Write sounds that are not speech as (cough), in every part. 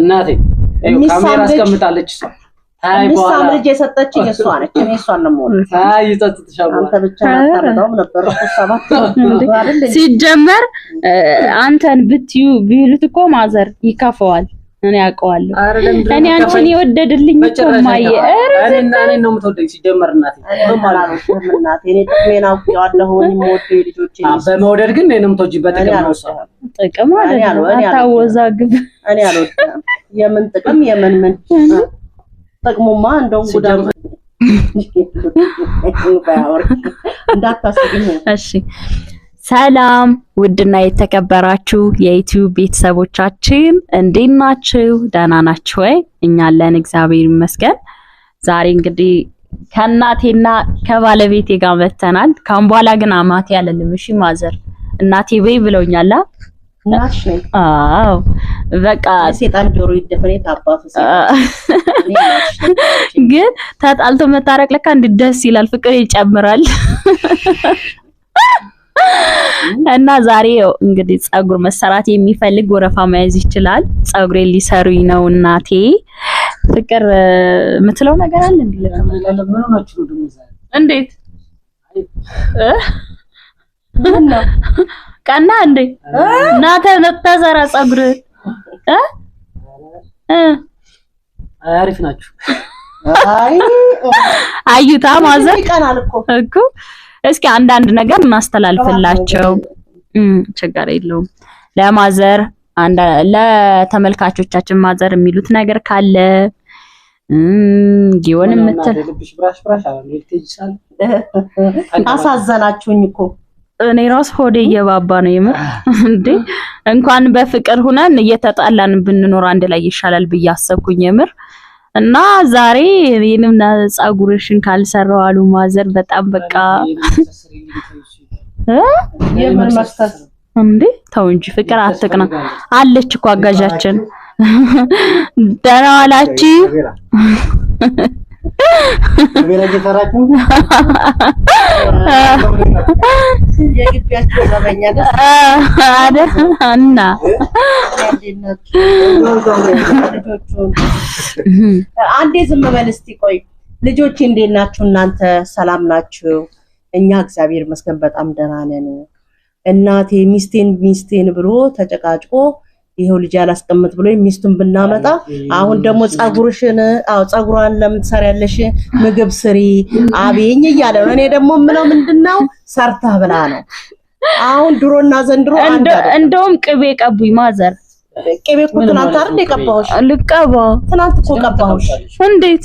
እናቴ ካሜራ አስቀምጣለች እሷ ሚሳም ልጅ የሰጠችኝ እሷ ነች። እኔ እሷን ነው ብቻ ሰባት ሲጀመር አንተን ብትዩ ቢሉት እኮ ማዘር ይከፈዋል። እኔ አውቀዋለሁ። እኔ አንቺን የወደድልኝ እኮ ማየ እኔና እኔ ነው በመውደድ ግን እኔ ነው የምትወጂኝ። በጥቅም ነው ጥቅም አለ አታወዛግብ። እኔ አልወደድም። የምን ጥቅም የምን ምን ጥቅሙማ እንደውም ጉዳም እንዳታስብኝ። እሺ ሰላም ውድና የተከበራችሁ የዩቲዩብ ቤተሰቦቻችን እንዴት ናችሁ? ደህና ናችሁ ወይ? እኛ ለን እግዚአብሔር ይመስገን። ዛሬ እንግዲህ ከእናቴና ከባለቤቴ ጋር መተናል። ካሁን በኋላ ግን አማቴ አለልም። እሺ ማዘር፣ እናቴ በይ ብለውኛላ። በቃ ሴጣን ጆሮ ግን ተጣልቶ መታረቅ ለካ እንደ ደስ ይላል፣ ፍቅር ይጨምራል። እና ዛሬ እንግዲህ ጸጉር መሰራት የሚፈልግ ወረፋ መያዝ ይችላል። ጸጉሬ ሊሰሩኝ ነው እናቴ። ፍቅር የምትለው ነገር አለ እንዴ? እንዴት ቀና እንዴ? እናተ ተዘራ ጸጉር አሪፍ ናችሁ። አይ አዩታ ማዘር ይቀናል እኮ እኮ እስኪ አንዳንድ ነገር እናስተላልፍላቸው። ችግር የለውም። ለማዘር ለተመልካቾቻችን ማዘር የሚሉት ነገር ካለ ጊዮን የምትል (laughs) አሳዘናችሁኝ እኮ እኔ ራስ ሆዴ እየባባ ነው የምር። እንዴ እንኳን በፍቅር ሁነን እየተጣላን ብንኖር አንድ ላይ ይሻላል ብዬ አሰብኩኝ የምር። እና ዛሬ እኔንም ፀጉርሽን ካልሰራው አሉ ማዘር በጣም በቃ እንዴ ተው እንጂ ፍቅር አትቅና አለች እኮ አጋዣችን። ደህና ዋላችሁ። እና አንዴ ዝም በል እስቲ ቆይ። ልጆች እንዴት ናችሁ? እናንተ ሰላም ናችሁ? እኛ እግዚአብሔር ይመስገን በጣም ደህና ነን። እናቴ ሚስቴን ሚስቴን ብሎ ተጨቃጭቆ ይሄው ልጅ አላስቀምጥ ብሎ ሚስቱን ብናመጣ፣ አሁን ደግሞ ፀጉርሽን፣ አው ፀጉሯን ለምን ትሰሪያለሽ? ምግብ ስሪ አቤኝ እያለ ነው። እኔ ደግሞ ምለው ምንድነው ሰርታ ብላ ነው። አሁን ድሮና ዘንድሮ እንደውም ቅቤ ቀቡኝ ማዘር። ቅቤ እኮ ትናንት አይደል የቀባሁሽ? ልቀባ ትናንት እኮ ቀባሁሽ። እንዴት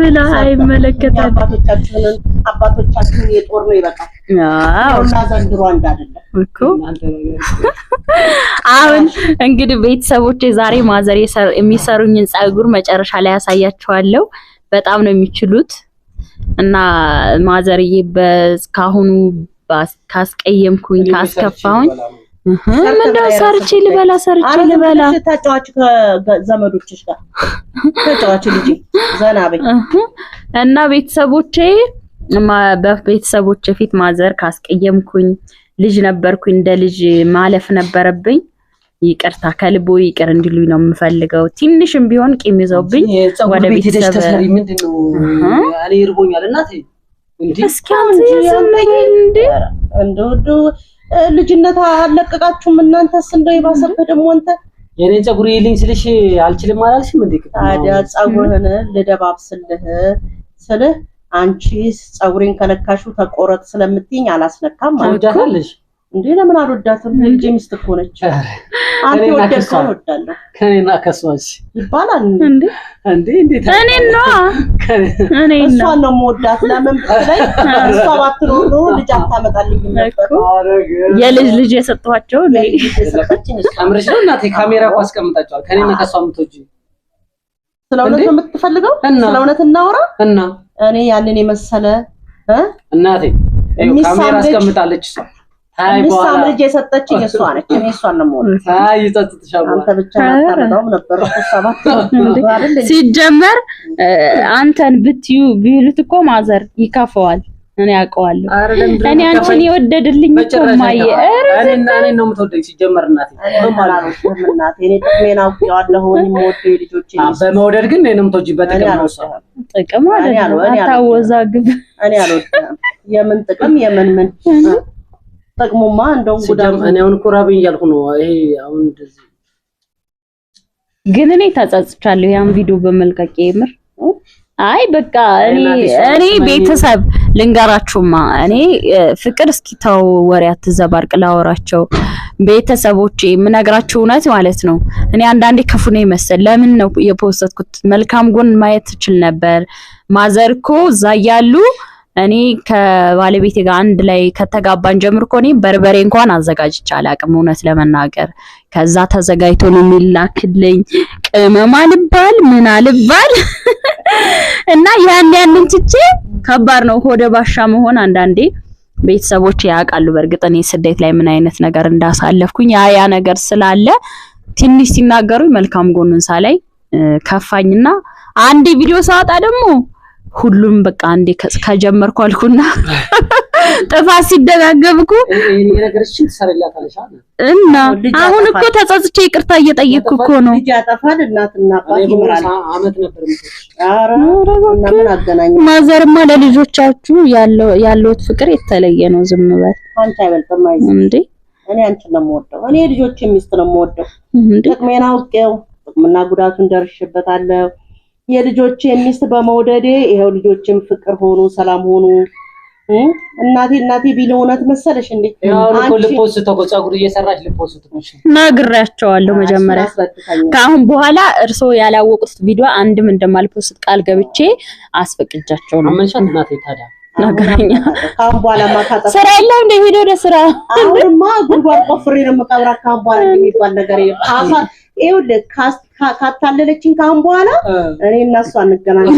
ብላ አባቶቻችንን የጦር ነው ይበቃል። ዘንድሮ አሁን እንግዲህ ቤተሰቦች ዛሬ ማዘር የሚሰሩኝን ጸጉር መጨረሻ ላይ ያሳያችኋለሁ። በጣም ነው የሚችሉት እና ማዘርዬ በካሁኑ ካስቀየምኩኝ ካስከፋሁኝ ምንድነው ሰርቼ ልበላ ሰርቼ ልበላ ተጫዋች ከዘመዶችሽ ጋር ተጫዋች ልጅ ዘና በይ እና ቤተሰቦቼ በቤተሰቦች ፊት ማዘር ካስቀየምኩኝ ልጅ ነበርኩኝ እንደ ልጅ ማለፍ ነበረብኝ ይቅርታ ከልቦ ይቅር እንዲሉኝ ነው የምፈልገው ትንሽም ቢሆን ቂም ይዘውብኝ ወደ ቤተሰብ ምንድነው እኔ እርቦኛል እናቴ እንዴ እስኪ አንተ ልጅነት አለቀቃችሁም እናንተስ? እንደው የባሰበ ደግሞ አንተ የኔ ፀጉር ይልኝ ስልሽ አልችልም አላልሽም እንዴ? ታዲያ ፀጉርህን ልደባብስልህ ስልህ አንቺ ፀጉሬን ከነካሹ ተቆረጥ ስለምትይኝ አላስነካም ማለት ነው። እንዴ ለምን አልወዳትም? የልጄ ሚስት እኮ ነች። አንተ ወደድከው እወዳለሁ ከኔና ከሷስ ይባላል እንዴ? እንዴ እንዴ እኔ ነው እኔ ነው እሷ ነው የምወዳት። ለምን ብትለኝ እሷ ባትኖር ነው ልጅ አታመጣልኝ ነበር። የልጅ ልጅ የሰጠኋቸው አምርሽ ነው እናቴ። ካሜራ እኮ አስቀምጣቸዋል። ከኔና ከሷ የምትወጂው ስለ እውነት ነው የምትፈልገው? ስለ እውነት እናወራ እና እኔ ያንን የመሰለ እናቴ፣ ካሜራ አስቀምጣለች እሷ አንበሳ ልጅ የሰጠችኝ እሷ ነች። እኔ እሷን ነው አንተ ብቻ ነበር ሲጀመር አንተን ብትዩ ቢሉት እኮ ማዘር ይከፈዋል። እኔ አውቀዋለሁ። እኔ አንቺን የወደድልኝ እኮ ማየ እኔ ነው እኔ በመውደድ ግን እኔ በጥቅም ነው። ጥቅም አታወዛግብ። እኔ የምን ጥቅም የምን ምን ጠቅሞማ እንደውም ጉዳም እኔ አሁን እኮ ራበኝ እያልኩ ነው። ይሄ አሁን እንደዚህ ግን እኔ ተጸጽቻለሁ ያን ቪዲዮ በመልቀቅ የምር አይ በቃ እኔ እኔ ቤተሰብ ልንገራችሁማ እኔ ፍቅር እስኪ ወሬ አትዘባርቅ ላወራቸው ቤተሰቦቼ የምነግራችሁ እውነት ማለት ነው። እኔ አንዳንዴ ክፉ ነው ይመስል ለምን ነው የፖስትኩት መልካም ጎን ማየት ትችል ነበር። ማዘር እኮ እዛ እያሉ እኔ ከባለቤቴ ጋር አንድ ላይ ከተጋባን ጀምሮ እኮ እኔ በርበሬ እንኳን አዘጋጅቼ አላቅም እውነት ለመናገር። ከዛ ተዘጋጅቶ ነው የሚላክልኝ ቅመም አልባል ምን አልባል (laughs) እና ያን ያንን ትቼ ከባድ ነው ሆደ ባሻ መሆን አንዳንዴ ቤተሰቦች ያውቃሉ። በእርግጥ እኔ ስደት ላይ ምን አይነት ነገር እንዳሳለፍኩኝ ያ ያ ነገር ስላለ ትንሽ ሲናገሩኝ መልካም ጎኑን ሳላይ ከፋኝና አንድ ቪዲዮ ሳወጣ ደግሞ ሁሉም በቃ አንዴ ከጀመርኩ አልኩና (laughs) ጥፋት ሲደጋገብኩ እና አሁን እኮ ተጸጽቼ ይቅርታ እየጠየቅኩ እኮ ነው። ማዘርማ ለልጆቻችሁ ያለውት ፍቅር የተለየ ነው። ዝም በል እንዴ! እኔ አንቺን ነው የምወደው። እኔ ልጆች ሚስት ነው የምወደው። ጥቅሜን አውቄው ጥቅምና ጉዳቱን ደርሽበታለሁ። የልጆች የሚስት በመውደዴ ይኸው ልጆችም ፍቅር ሆኑ ሰላም ሆኑ። እናቴ እናቴ ቢል እውነት መሰለሽ እንዴ? አሁን እኮ ልፖስት እኮ ፀጉር እየሰራች ልፖስት ነሽ። ነግሬያቸዋለሁ መጀመሪያ። ከአሁን በኋላ እርሶ ያላወቁት ቪዲዮ አንድም እንደማልፖስት ቃል ገብቼ አስፈቅጃቸው ነው። አመንሻት እናቴ ታዲያ ነገረኛ ካሁን በኋላ ማታጣ ስራ የለም እንደ ሄዶ ወደ ስራ አሁንማ ጉድጓድ ቆፍሬ ነው የምቀብራት። ካሁን በኋላ የሚባል ነገር የለም። ይኸውልህ ካስት ካታለለችን ካሁን በኋላ እኔ እና እሷ እንገናኝ።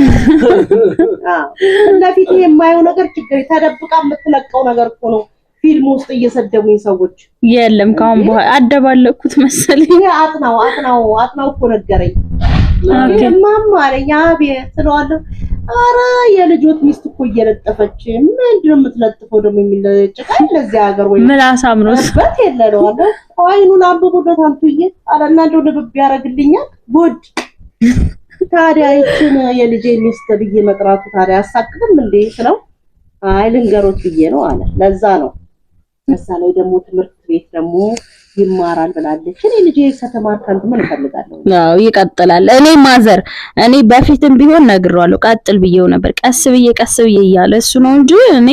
እንደፊት (laughs) የማየው ነገር ችግር ተደብቃ የምትለቀው ነገር እኮ ነው። ፊልም ውስጥ እየሰደቡኝ ሰዎች የለም። ካሁን በኋላ አደባለኩት መሰለኝ። ይሄ አጥናው አጥናው አጥናው እኮ ነገረኝ። ማማ አለኝ አቤት ስለዋለሁ አረ የልጆት ሚስት እኮ እየለጠፈች ምንድነው የምትለጥፈው ደግሞ የሚለጭቃል ለዚህ ሀገር ወይ ምላሳም ነው በት የለለው አለ አይኑን አንብቦለት አንቱዬ አረ እናንተ ልብብ ያደርግልኛል ጉድ ታዲያ ይችን የልጄ ሚስት ብዬ መጥራቱ ታዲያ ያሳቅቅም እንዴ ስለው አይ ልንገሮት ብዬ ነው አለ ለዛ ነው ምሳሌ ደግሞ ትምህርት ቤት ደግሞ ይማራል ብላለች። እኔ ልጅ ከተማር ከንት ምን እፈልጋለሁ? አዎ ይቀጥላል። እኔ ማዘር እኔ በፊትም ቢሆን ነግሯለሁ፣ ቀጥል ብዬው ነበር። ቀስ ብዬ ቀስ ብዬ እያለ እሱ ነው እንጂ እኔ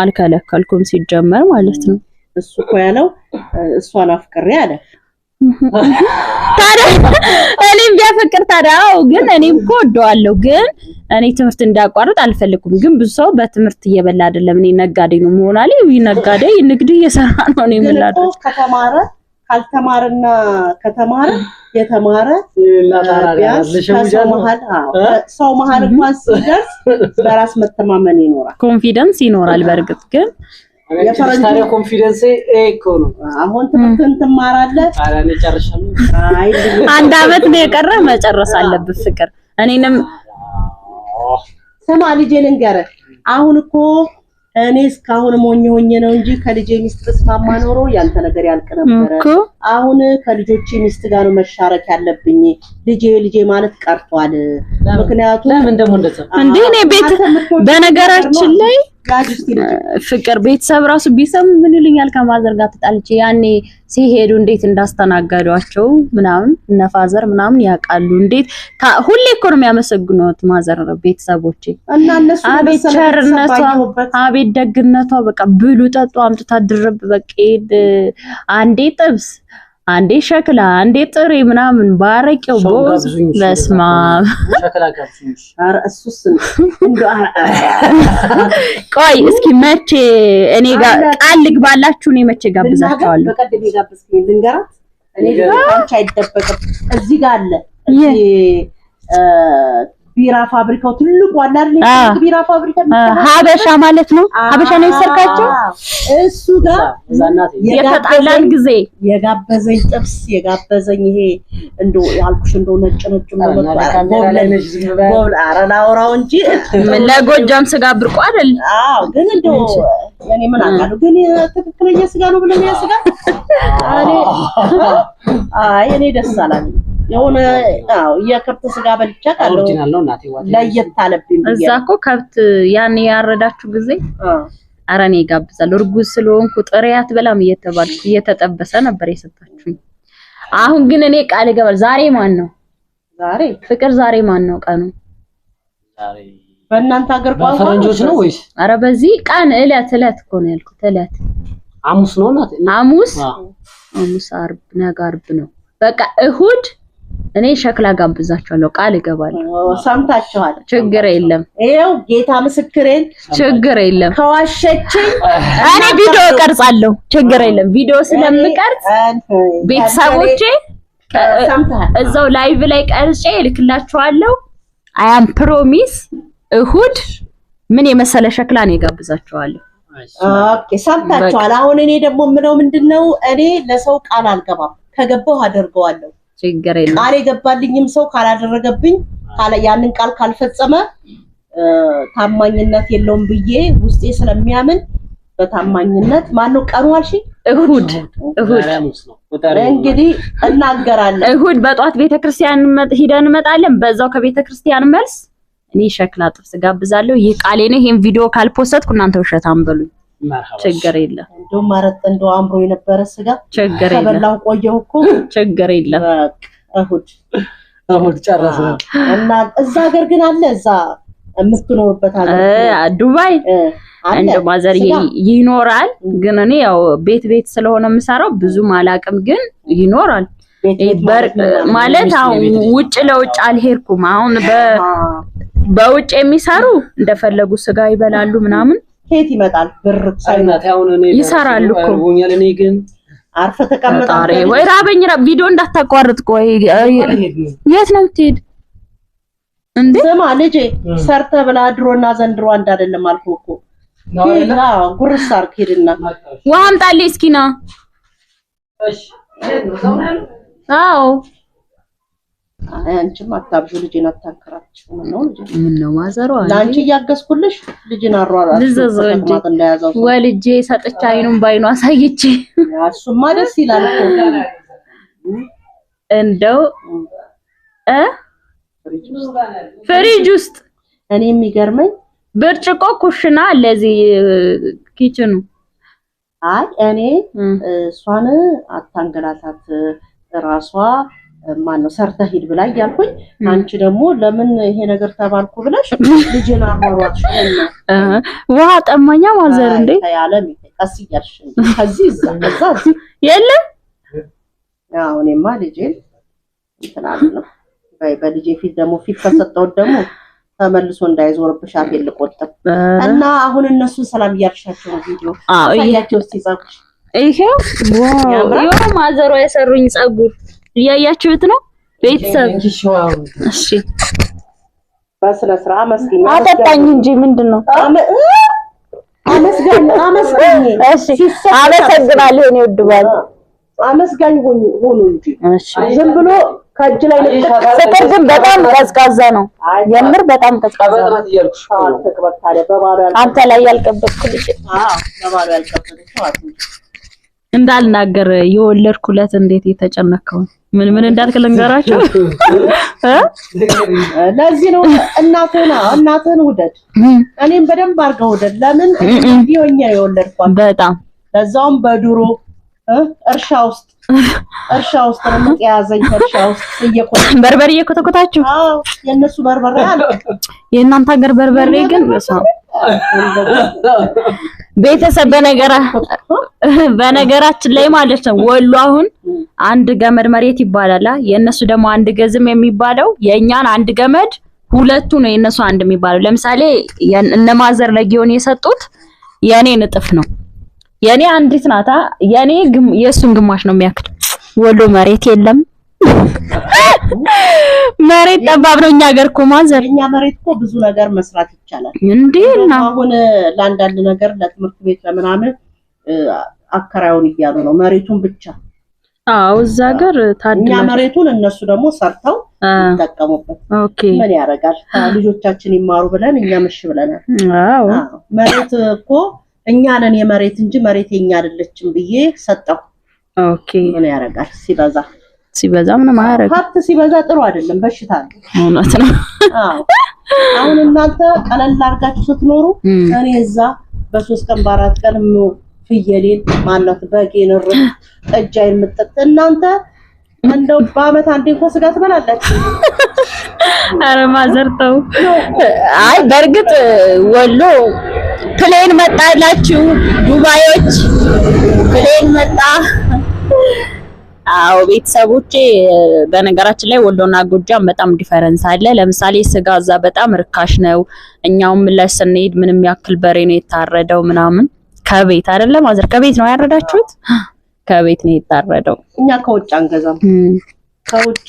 አልከለከልኩም ሲጀመር ማለት ነው። እሱ እኮ ያለው እሷን አፍቅሬ አለ። ታዲያ እኔም ቢያፈቅር ታዲያ ግን እኔም እኮ ወደዋለሁ፣ ግን እኔ ትምህርት እንዳቋርጥ አልፈልኩም። ግን ብዙ ሰው በትምህርት እየበላ አይደለም። እኔ ነጋዴ ነው መሆን አለ። ነጋዴ ንግድ እየሰራ ነው። እኔ ምላደር ከተማረ ካልተማረና ከተማረ የተማረ ሰው መሀል እንኳን ሲደርስ በራስ መተማመን ይኖራል፣ ኮንፊደንስ ይኖራል። በእርግጥ ግን አሁን ትምህርትን ትማራለህ። (laughs) አንድ አመት ነው የቀረ መጨረስ አለብህ። ፍቅር እኔንም ስማ ልጄ ልንገርህ አሁን እኮ እኔ እስካሁን ሞኝ ሆኜ ነው እንጂ ከልጄ ሚስት ብስማማ ኖሮ ያንተ ነገር ያልቅ ነበረ። አሁን ከልጆቼ ሚስት ጋር ነው መሻረክ ያለብኝ። ልጄ ልጄ ማለት ቀርቷል። ምክንያቱም ለምን ደግሞ እንደዛ እንዴ? እኔ ቤት በነገራችን ላይ ፍቅር ቤተሰብ ራሱ ቤተሰብ ምን ይሉኛል ከማዘር ጋር ተጣልቼ ያኔ ሲሄዱ እንዴት እንዳስተናገዷቸው ምናምን እነፋዘር ምናምን ያውቃሉ። እንዴት ሁሌ እኮ ነው የሚያመሰግኑት ማዘር ቤተሰቦቼ። አቤት ቸርነቷ፣ አቤት ደግነቷ። በቃ ብሉ ጠጡ አምጥታ ድርብ በቃ አንዴ ጥብስ አንዴ ሸክላ፣ አንዴ ጥሬ ምናምን ባረቄው ቦዝ በስማ (laughs) ቆይ እስኪ መቼ እኔ ጋር ቃል ልግባላችሁ። እኔ መቼ ጋብዛችኋለሁ። እዚህ ጋር አለ ቢራ ፋብሪካው ትልቁ አለ አይደል? ቢራ ፋብሪካ ሀበሻ ማለት ነው። ሀበሻ ነው የሰርካቸው። እሱ ጋር የተጣላን ጊዜ የጋበዘኝ ጥብስ የጋበዘኝ ይሄ እንዶ ያልኩሽ እንዶ ነጭ ነጭ ነው እንጂ ለጎጃም ስጋ ብርቁ አይደል? ግን እኔ ምን አውቃለሁ፣ ግን ትክክለኛ ስጋ ነው ብለህ ስጋ። አይ እኔ ደስ አላለኝ የሆነ የከብት ስጋ በልቻ ካለው ለየት አለብኝ። እዛ እኮ ከብት ያን ያረዳችሁ ጊዜ አረ እኔ ይጋብዛል እርጉዝ ስለሆንኩ ጥሪያት በላም እየተባልኩ እየተጠበሰ ነበር የሰጣችሁኝ። አሁን ግን እኔ ቃል ይገባል። ዛሬ ማን ነው ዛሬ ፍቅር ዛሬ ማን ነው ቀኑ? በእናንተ ሀገር ቋንቋ ፈረንጆች ነው ወይስ? በዚህ ቀን እለት እለት እኮ ነው ያልኩት። እለት ነው ናት ነገ ነው በቃ እሁድ እኔ ሸክላ ጋብዛቸዋለሁ፣ ቃል እገባለሁ። ሰምታችኋል። ችግር የለም። ይኸው ጌታ ምስክሬን፣ ችግር የለም። ከዋሸችኝ እኔ ቪዲዮ እቀርጻለሁ። ችግር የለም። ቪዲዮ ስለምቀርጽ ቤተሰቦቼ እዛው ላይቭ ላይ ቀርጬ እልክላችኋለሁ። አያም ፕሮሚስ እሁድ ምን የመሰለ ሸክላ ነው የጋብዛችኋለሁ። ኦኬ ሰምታችኋል። አሁን እኔ ደግሞ ምነው ምንድነው እኔ ለሰው ቃል አልገባም፣ ከገባሁ አደርገዋለሁ ችግር የለም። ቃል የገባልኝም ሰው ካላደረገብኝ ያንን ቃል ካልፈጸመ ታማኝነት የለውም ብዬ ውስጤ ስለሚያምን በታማኝነት ማነው ቀኑ አልሽኝ? እሁድ እሁድ እንግዲህ እናገራለን። እሁድ በጧት ቤተክርስቲያን ሂደን እንመጣለን። በዛው ከቤተክርስቲያን መልስ እኔ ሸክላ ጥብስ ጋብዛለሁ። ይህ ቃሌ ነው። ይሄን ቪዲዮ ካልፖሰትኩ እናንተ ውሸታም በሉኝ። ችግር የለም። እንደው አምሮ የነበረ ስጋ ችግር የለም። ከበላሁ ቆየሁ እኮ ችግር የለም። እሑድ እሑድ እና እዛ ሀገር ግን አለ እዛ የምትኖርበት ሀገር ዱባይ ማዘር ይኖራል። ግን እኔ ያው ቤት ቤት ስለሆነ የምሰራው ብዙም አላቅም፣ ግን ይኖራል ማለት አሁን ውጭ ለውጭ አልሄድኩም። አሁን በውጭ የሚሰሩ እንደፈለጉ ስጋ ይበላሉ ምናምን ከየት ይመጣል ብር ይሰራሉ እኮ እኔ ግን አርፈ ተቀመጣ ወይ ራበኝ ራ ቪዲዮ እንዳታቋርጥ ቆይ የት ነው ትሄድ እንዴ ስማ ልጄ ሰርተ ብላ ድሮና ዘንድሮ አንድ አይደለም አልኩ እኮ ሄድና ጉርስ አርክ ሄድና ውሃ አምጣልኝ እስኪ ና አዎ አንቺም አታብዙ ልጅን አታንከራችሁ። ነው ማዘሩ ማዘሯ ለአንቺ እያገዝኩልሽ ልጅን አሯራ ልዘዘው እንጂ ወልጄ ሰጥቼ አይኑን ባይኑ አሳይቼ እሱማ ደስ ይላል እኮ እንደው እ ፍሪጅ ውስጥ እኔ የሚገርመኝ ብርጭቆ ኩሽና ለዚህ ኪችኑ አይ እኔ እሷን አታንገላታት ራሷ ማን ነው ሰርተ ሂድ ብላ እያልኩኝ፣ አንቺ ደግሞ ለምን ይሄ ነገር ተባልኩ ብለሽ ልጅን አሯሯጥሽ ውሃ ጠማኛ ማዘር እንዴ ያለም ቀስ እያልሽ ከዚህ እዛ እዛ የለም። አዎ እኔማ ልጄን እንትን አልነው በልጄ ፊት ደግሞ ፊት ከሰጠሁት ደግሞ ተመልሶ እንዳይዞርብሽ አፌ ልቆጥብ እና አሁን እነሱን ሰላም እያልሻቸው ቪዲዮ አሳያቸው እስኪ ጸጉር ይሄው ዋው ይሄው ማዘሯ የሰሩኝ ጸጉር እያያችሁት ነው ቤተሰብ። እሺ አጠጣኝ እንጂ ምንድን ነው? አመስጋኝ አመስጋኝ። እሺ አመሰግናለሁ። እኔ እንጂ ዝም ብሎ ከእጅ ላይ ፍቅር ግን በጣም ቀዝቃዛ ነው። የምር በጣም ቀዝቃዛ ነው። አንተ ላይ እንዳልናገር የወለድኩለት እንዴት እየተጨነከው ምን ምን እንዳልክ ልንገራቸው። ለዚህ ነው እናትህን እናትህን ውደድ፣ እኔም በደንብ አድርገህ ውደድ። ለምን ቢሆኛ የወለድኳት በጣም ለዛውም በዱሮ እርሻ ውስጥ እርሻ ውስጥ ነው የያዘኝ። እርሻ ውስጥ እየቆየ በርበሬ እየኮተኮታችሁ? አዎ የእነሱ በርበሬ አለ፣ የእናንተ ሀገር በርበሬ ግን ቤተሰብ በነገራ በነገራችን ላይ ማለት ነው ወሎ አሁን አንድ ገመድ መሬት ይባላል። የእነሱ ደግሞ አንድ ገዝም የሚባለው የእኛን አንድ ገመድ ሁለቱ ነው የእነሱ አንድ የሚባለው። ለምሳሌ እነማዘር ለጊዮን የሰጡት የኔ ንጥፍ ነው። የኔ አንዲት ናታ። የኔ የእሱን ግማሽ ነው የሚያክል። ወሎ መሬት የለም። መሬት ጠባብ ነው። እኛ ሀገር እኮ ማዘር እኛ መሬት እኮ ብዙ ነገር መስራት ይቻላል። እንዴና እና አሁን ለአንዳንድ ነገር ለትምህርት ቤት ለምናምን አከራዩን እያሉ ነው መሬቱን ብቻ። አዎ እዛ ሀገር ታድያ እኛ መሬቱን እነሱ ደግሞ ሰርተው ይጠቀሙበት። ኦኬ ምን ያደርጋል ልጆቻችን ይማሩ ብለን እኛ መሽ ብለናል። አዎ መሬት እኮ እኛ ነን የመሬት እንጂ መሬት የኛ አይደለችም ብዬ ሰጠው። ኦኬ ምን ያደርጋል ሲበዛ ሲበዛ ምንም አያረግ። ሀብት ሲበዛ ጥሩ አይደለም፣ በሽታ ነው። እውነት ነው። አሁን እናንተ ቀለል አድርጋችሁ ስትኖሩ እኔ እዛ በሶስት ቀን በአራት ቀን ፍየሌን ማናት በጌን ር ጠጃ የምጠጥ እናንተ እንደው በአመት አንዴ እንኳን ስጋ ትበላላችሁ። አረ ማዘርተው አይ በእርግጥ ወሎ ፕሌን መጣላችሁ፣ ዱባዮች ፕሌን መጣ አዎ ቤተሰቦቼ፣ በነገራችን ላይ ወሎና ጎጃም በጣም ዲፈረንስ አለ። ለምሳሌ ስጋ እዛ በጣም ርካሽ ነው። እኛውም ላይ ስንሄድ ምንም ያክል በሬ ነው የታረደው ምናምን ከቤት አይደለም አዘር ከቤት ነው ያረዳችሁት? ከቤት ነው የታረደው። እኛ ከውጭ አንገዛም። ከውጭ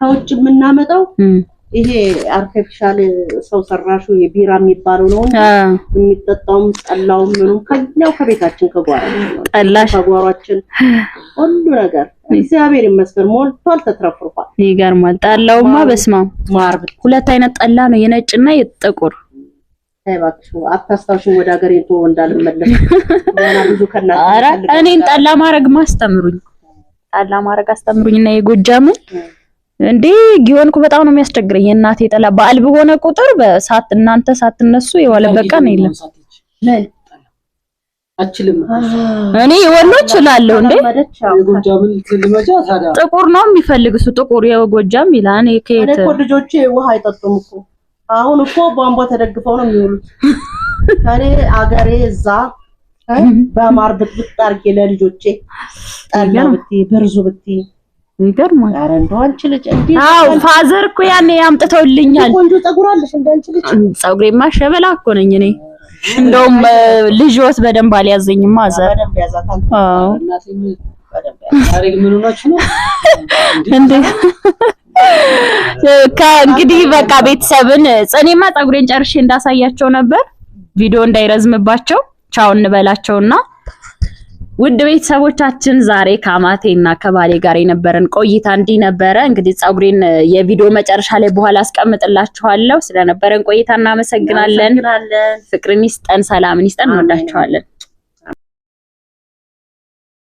ከውጭ የምናመጣው ይሄ አርቲፊሻል ሰው ሰራሹ የቢራ የሚባለው ነው የሚጠጣውም ጠላውም ምኑም ከኛው ከቤታችን ከጓሯችን ከጓሯችን ሁሉ ነገር እግዚአብሔር ይመስገን ሞልቷል፣ ተትረፍርፏል። ይገርማል። ጠላውማ በስማም ሁለት አይነት ጠላ ነው የነጭና የጥቁር። እባክሽ አታስታውሽኝ ወደ ሀገር ቶ እንዳልመለስ ብዙ ከና እኔን ጠላ ማድረግ ማስተምሩኝ ጠላ ማድረግ አስተምሩኝና የጎጃምን እንዴ ጊዮን እኮ በጣም ነው የሚያስቸግረኝ። የእናቴ ጠላ በዓል በሆነ ቁጥር በሳት እናንተ ሳትነሱ የዋለበት ቀን የለም። እኔ የወሎ እችላለሁ እንዴ ጥቁር ነው የሚፈልግ እሱ ጥቁር የጎጃም ይላል። እኔ ከየት እኮ ልጆቼ ውሃ አይጠጡም እኮ አሁን እኮ ቧንቧ ተደግፈው ነው የሚውሉት። (laughs) እኔ አገሬ እዛ በማር ብትብት አድርጌ ለልጆቼ ጠላ ብትይ በርዙ ብትይ ይገርማል። ኧረ እንደው አንቺ ልጅ እንዴ! አዎ ፋዘር እኮ ያኔ አምጥተውልኛል። ቆንጆ ፀጉር አለሽ እንደ አንቺ ልጅ። ፀጉሬማ ሸበላ እኮ ነኝ እኔ። እንደውም ልጅዎት በደንብ አልያዘኝም። ማዘር በደንብ ያዛታል። አዎ እንዴ! ከእንግዲህ በቃ ቤተሰብን እኔማ ፀጉሬን ጨርሼ እንዳሳያቸው ነበር ቪዲዮ እንዳይረዝምባቸው ቻው እንበላቸውና ውድ ቤተሰቦቻችን ዛሬ ከአማቴ እና ከባሌ ጋር የነበረን ቆይታ እንዲህ ነበረ። እንግዲህ ፀጉሬን የቪዲዮ መጨረሻ ላይ በኋላ አስቀምጥላችኋለሁ። ስለነበረን ቆይታ እናመሰግናለን። ፍቅርን ይስጠን፣ ሰላምን ይስጠን። እንወዳችኋለን።